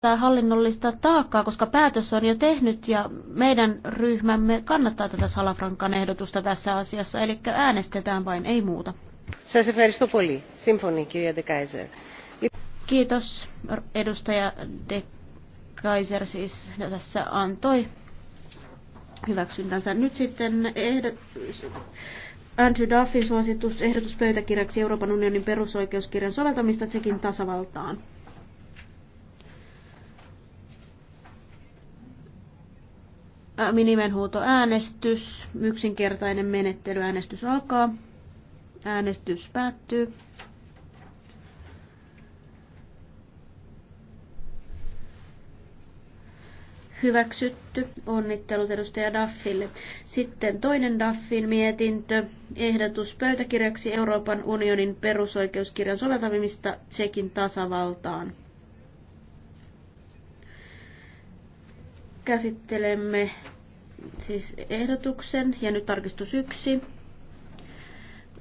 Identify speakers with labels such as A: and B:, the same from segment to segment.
A: tätä hallinnollista taakkaa, koska päätös on jo tehnyt ja meidän ryhmämme kannattaa tätä Salafrankan ehdotusta tässä asiassa, eli äänestetään vain, ei muuta. Kiitos edustaja De Kaiser siis tässä antoi hyväksyntänsä. Nyt sitten ehdot, Andrew Duffin suositus ehdotuspöytäkirjaksi Euroopan unionin perusoikeuskirjan soveltamista Tsekin tasavaltaan. Äh, äänestys, Yksinkertainen menettely. Äänestys alkaa. Äänestys päättyy. Hyväksytty. Onnittelut edustaja Daffille. Sitten toinen Daffin mietintö. Ehdotus pöytäkirjaksi Euroopan unionin perusoikeuskirjan soveltamista Tsekin tasavaltaan. käsittelemme siis ehdotuksen ja nyt tarkistus yksi.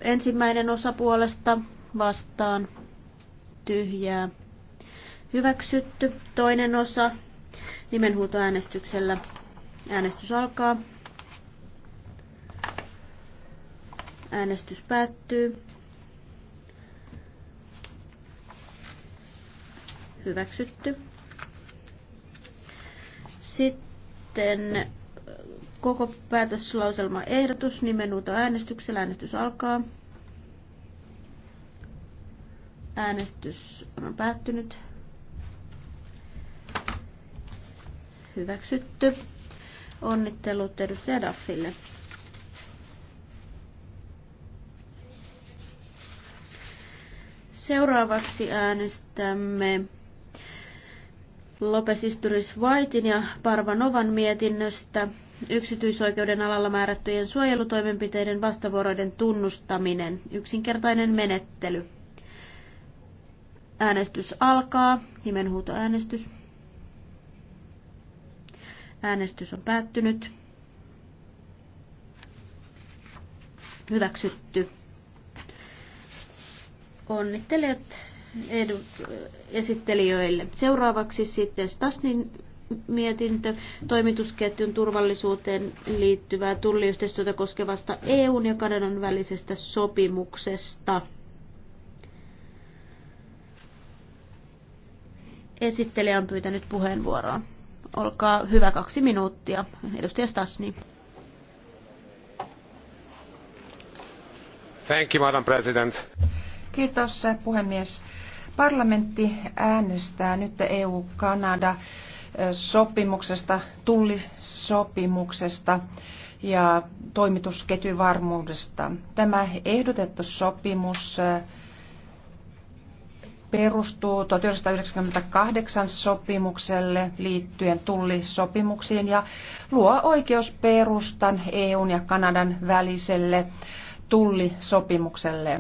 A: Ensimmäinen osa puolesta vastaan tyhjää hyväksytty. Toinen osa nimenhuutoäänestyksellä. Äänestys alkaa. Äänestys päättyy. Hyväksytty. Sitten äh, koko päätöslauselma ehdotus nimenuuta äänestyksellä. Äänestys alkaa. Äänestys on päättynyt. Hyväksytty. Onnittelut edustaja Daffille. Seuraavaksi äänestämme Lopes Isturis Vaitin ja Parvanovan mietinnöstä yksityisoikeuden alalla määrättyjen suojelutoimenpiteiden vastavuoroiden tunnustaminen, yksinkertainen menettely. Äänestys alkaa, nimenhuutoäänestys. Äänestys on päättynyt. Hyväksytty. Onnittelijat edu, esittelijöille. Seuraavaksi sitten Stasnin mietintö toimitusketjun turvallisuuteen liittyvää tulliyhteistyötä koskevasta EUn ja Kanadan välisestä sopimuksesta. Esittelijä on pyytänyt puheenvuoroa. Olkaa hyvä kaksi minuuttia. Edustaja Stasni. Thank you, Madam President.
B: Kiitos puhemies Parlamentti äänestää nyt EU-Kanada sopimuksesta, tullisopimuksesta ja toimitusketjuvarmuudesta. Tämä ehdotettu sopimus eh, perustuu 1998 sopimukselle liittyen tullisopimuksiin ja luo oikeusperustan EUn ja Kanadan väliselle tullisopimukselle.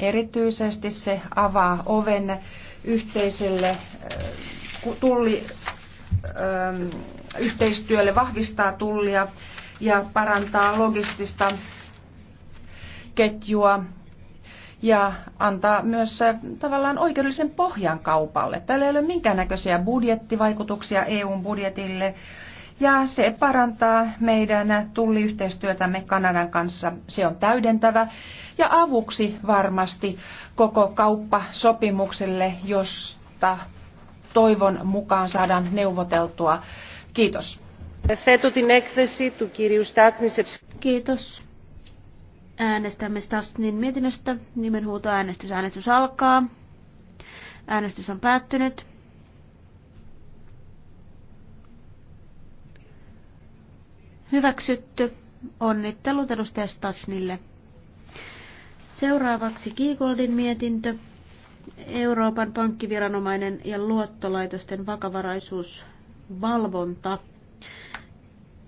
B: Erityisesti se avaa oven yhteiselle äh, tulli, ähm, yhteistyölle, vahvistaa tullia ja parantaa logistista ketjua ja antaa myös äh, tavallaan oikeudellisen pohjan kaupalle. Täällä ei ole minkäännäköisiä budjettivaikutuksia EUn budjetille ja se parantaa meidän tulliyhteistyötämme Kanadan kanssa. Se on täydentävä ja avuksi varmasti koko kauppasopimukselle, josta toivon mukaan saadaan neuvoteltua. Kiitos.
A: Kiitos. Äänestämme Stasnin mietinnöstä. äänestys. Äänestys alkaa. Äänestys on päättynyt. Hyväksytty. Onnittelut edustaja Stasnille. Seuraavaksi Kiikoldin mietintö. Euroopan pankkiviranomainen ja luottolaitosten vakavaraisuusvalvonta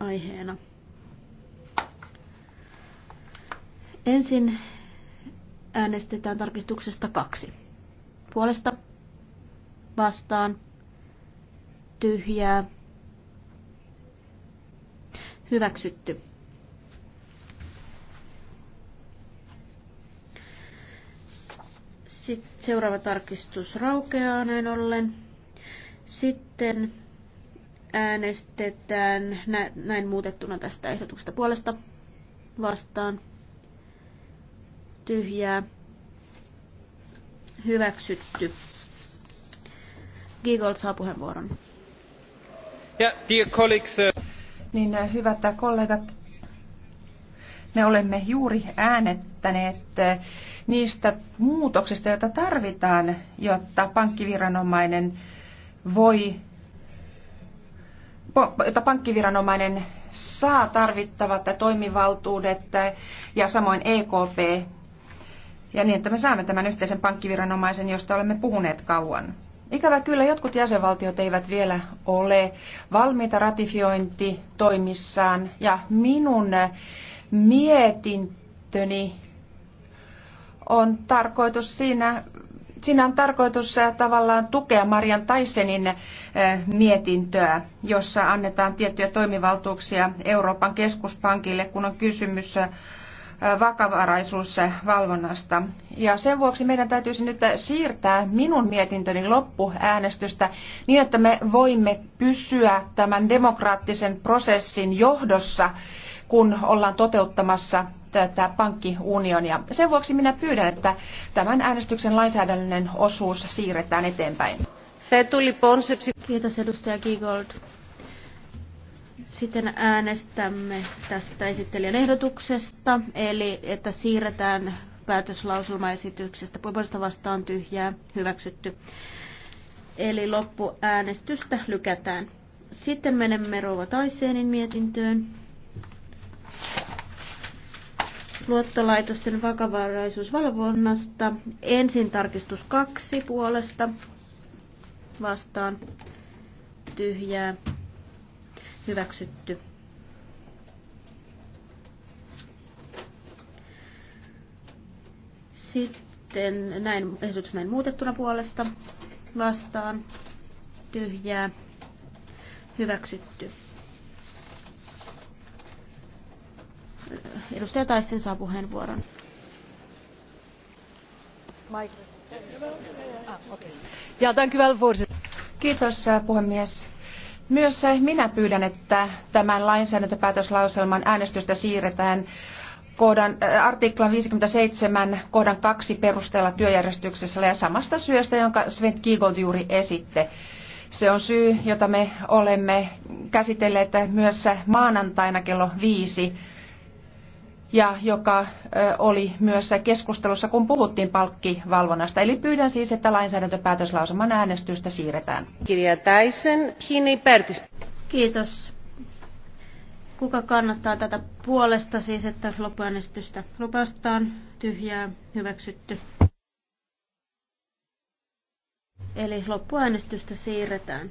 A: aiheena. Ensin äänestetään tarkistuksesta kaksi. Puolesta vastaan tyhjää Hyväksytty. Sitten seuraava tarkistus raukeaa näin ollen. Sitten äänestetään näin muutettuna tästä ehdotuksesta puolesta vastaan. Tyhjää. Hyväksytty. Giegold saa puheenvuoron.
B: Yeah, dear colleagues, uh, niin äh, hyvät kollegat, me olemme juuri äänettäneet äh, niistä muutoksista, joita tarvitaan, jotta pankkiviranomainen voi jotta pankkiviranomainen saa tarvittavat toimivaltuudet äh, ja samoin EKP ja niin, että me saamme tämän yhteisen pankkiviranomaisen, josta olemme puhuneet kauan. Ikävä kyllä jotkut jäsenvaltiot eivät vielä ole valmiita ratifiointitoimissaan ja minun mietintöni on tarkoitus siinä, siinä on tarkoitus äh, tavallaan tukea Marian Taisenin äh, mietintöä, jossa annetaan tiettyjä toimivaltuuksia Euroopan keskuspankille, kun on kysymys äh, vakavaraisuusvalvonnasta. Ja sen vuoksi meidän täytyisi nyt siirtää minun mietintöni loppuäänestystä niin, että me voimme pysyä tämän demokraattisen prosessin johdossa, kun ollaan toteuttamassa tätä pankkiunionia. Sen vuoksi minä pyydän, että tämän äänestyksen lainsäädännöllinen osuus siirretään eteenpäin. Kiitos
A: edustaja sitten äänestämme tästä esittelijän ehdotuksesta, eli että siirretään päätöslauselmaesityksestä puolesta vastaan tyhjää hyväksytty. Eli loppuäänestystä lykätään. Sitten menemme Rouva Taiseenin mietintöön. Luottolaitosten vakavaraisuusvalvonnasta. Ensin tarkistus kaksi puolesta vastaan tyhjää Hyväksytty. Sitten näin, ehdotus näin muutettuna puolesta vastaan. Tyhjää. Hyväksytty. Edustaja Taissin saa puheenvuoron.
B: Ah, Kiitos äh, puhemies myös minä pyydän, että tämän lainsäädäntöpäätöslauselman äänestystä siirretään kohdan, äh, artiklan 57 kohdan 2 perusteella työjärjestyksessä ja samasta syystä, jonka Sven Kigold juuri esitte. Se on syy, jota me olemme käsitelleet myös maanantaina kello viisi ja joka oli myös keskustelussa, kun puhuttiin palkkivalvonnasta. Eli pyydän siis, että lainsäädäntöpäätöslausuman äänestystä siirretään. Kirja Täisen, Kiitos. Kuka kannattaa tätä
A: puolesta siis, että loppuäänestystä lupastaan Tyhjää, hyväksytty. Eli loppuäänestystä siirretään.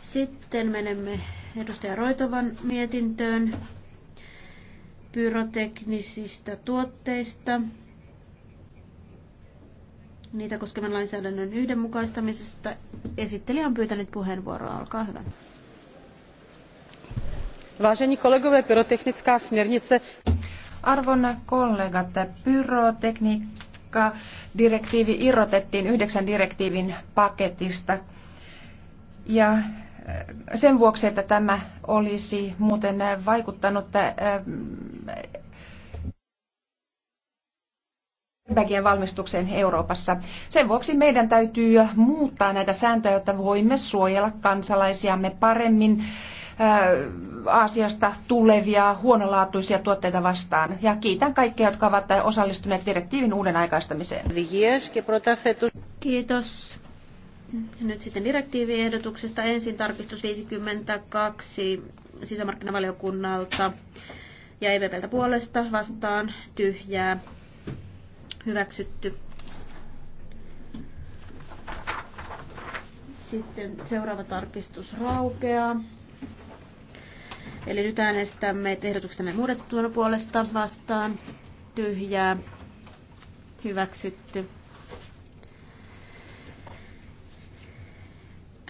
A: Sitten menemme edustaja Roitovan mietintöön pyroteknisistä tuotteista, niitä koskevan lainsäädännön yhdenmukaistamisesta. Esittelijä on pyytänyt puheenvuoroa.
B: Olkaa hyvä. Vážení kolegové, pyrotechnická směrnice. Arvon kollegat, pyrotekniikka direktiivi irrotettiin yhdeksän direktiivin paketista. Ja eh, sen vuoksi, että tämä olisi muuten vaikuttanut eh, Bergien valmistukseen Euroopassa. Sen vuoksi meidän täytyy muuttaa näitä sääntöjä, jotta voimme suojella kansalaisiamme paremmin äh, Aasiasta tulevia huonolaatuisia tuotteita vastaan. Ja kiitän kaikkia, jotka ovat osallistuneet direktiivin uuden aikaistamiseen. Kiitos. Nyt sitten direktiiviehdotuksesta ensin
A: tarkistus 52 sisämarkkinavaliokunnalta ja EVPltä puolesta vastaan tyhjää hyväksytty. Sitten seuraava tarkistus raukeaa. Eli nyt äänestämme ehdotuksemme muutettuna puolesta vastaan tyhjää hyväksytty.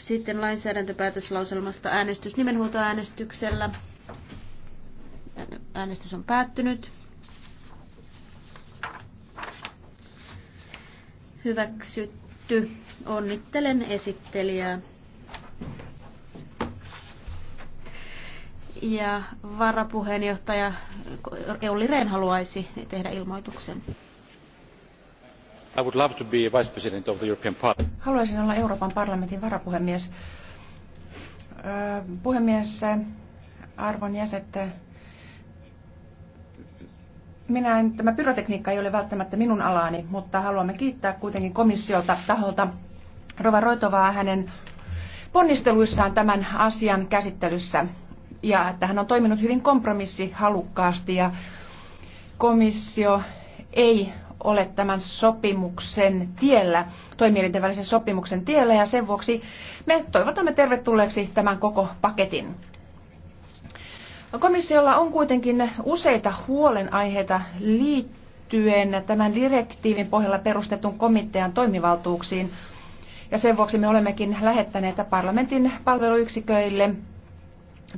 A: Sitten lainsäädäntöpäätöslauselmasta äänestys nimenhuoltoäänestyksellä. äänestyksellä. Äänestys on päättynyt. Hyväksytty. Onnittelen esittelijää. Ja varapuheenjohtaja
B: Eulli Rehn haluaisi tehdä ilmoituksen. I would love to be vice president of the European Parliament. Haluaisin olla Euroopan parlamentin varapuhemies. Puhemies, arvon jäsenet, minä en, tämä pyrotekniikka ei ole välttämättä minun alaani, mutta haluamme kiittää kuitenkin komissiolta taholta Rova Roitovaa hänen ponnisteluissaan tämän asian käsittelyssä ja että hän on toiminut hyvin kompromissihalukkaasti ja komissio ei ole tämän sopimuksen tiellä, toimielinten välisen sopimuksen tiellä ja sen vuoksi me toivotamme tervetulleeksi tämän koko paketin. Komissiolla on kuitenkin useita huolenaiheita liittyen tämän direktiivin pohjalla perustetun komitean toimivaltuuksiin. Ja sen vuoksi me olemmekin lähettäneet parlamentin palveluyksiköille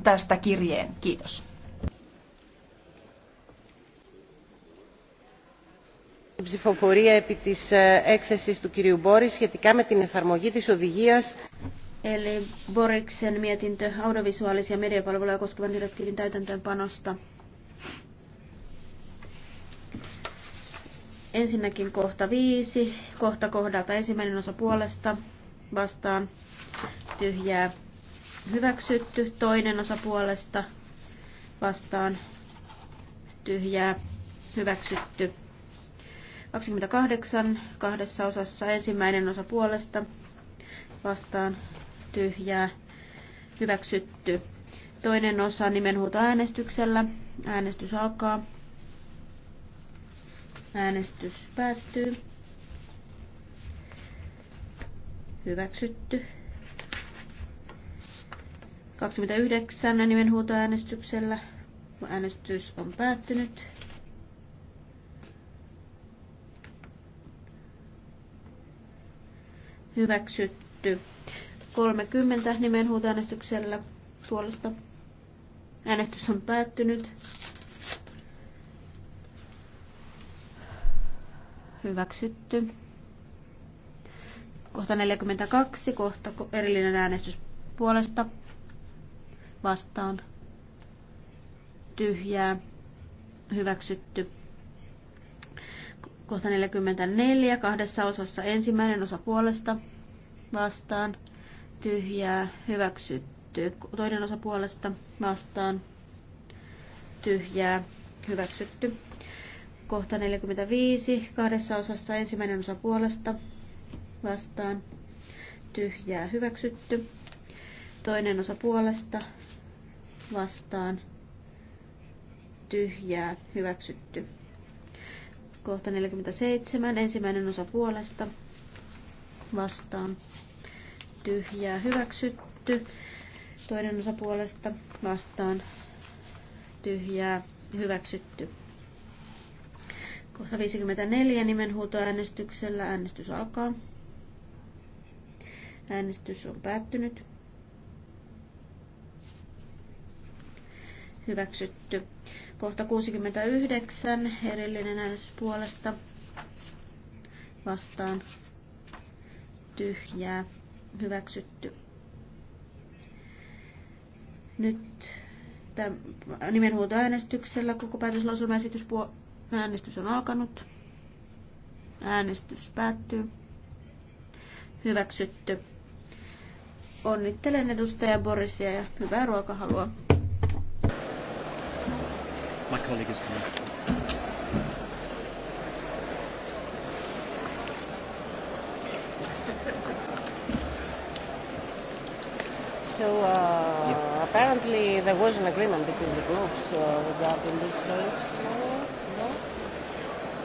B: tästä kirjeen. Kiitos. ψηφοφορία επί της έκθεσης του κυρίου Μπόρη σχετικά με την εφαρμογή της οδηγίας
A: Eli Boriksen mietintö audiovisuaalisia mediapalveluja koskevan direktiivin täytäntöönpanosta. Ensinnäkin kohta viisi, kohta kohdalta ensimmäinen osa puolesta vastaan tyhjää hyväksytty, toinen osa puolesta vastaan tyhjää hyväksytty. 28 kahdessa osassa ensimmäinen osa puolesta vastaan tyhjää hyväksytty. Toinen osa nimenhuuto äänestyksellä. Äänestys alkaa. Äänestys päättyy. Hyväksytty. 29 äänestyksellä. Äänestys on päättynyt. Hyväksytty. 30 nimenhuutoäänestyksellä puolesta. Äänestys on päättynyt. Hyväksytty. Kohta 42, kohta erillinen äänestys puolesta. Vastaan. Tyhjää. Hyväksytty. Kohta 44, kahdessa osassa ensimmäinen osa puolesta. Vastaan tyhjää hyväksytty. Toinen osa puolesta vastaan tyhjää hyväksytty. Kohta 45 kahdessa osassa ensimmäinen osa puolesta vastaan tyhjää hyväksytty. Toinen osa puolesta vastaan tyhjää hyväksytty. Kohta 47 ensimmäinen osa puolesta vastaan tyhjää hyväksytty. Toinen osa puolesta vastaan tyhjää hyväksytty. Kohta 54 nimenhuutoäänestyksellä äänestys alkaa. Äänestys on päättynyt. Hyväksytty. Kohta 69 erillinen äänestys puolesta vastaan tyhjää hyväksytty. Nyt nimenhuutoäänestyksellä koko päätöslauselmaesitys äänestys on alkanut. Äänestys päättyy. Hyväksytty. Onnittelen edustaja Borisia ja hyvää ruokahalua.
B: My colleague is coming. So uh, yeah. apparently there was an agreement between the groups uh, regarding this
A: case. Uh,